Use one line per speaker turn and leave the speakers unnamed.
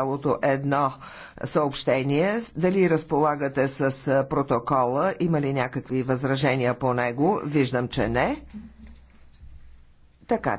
цялото едно съобщение. Дали разполагате с протокола? Има ли някакви възражения по него? Виждам, че не.
Така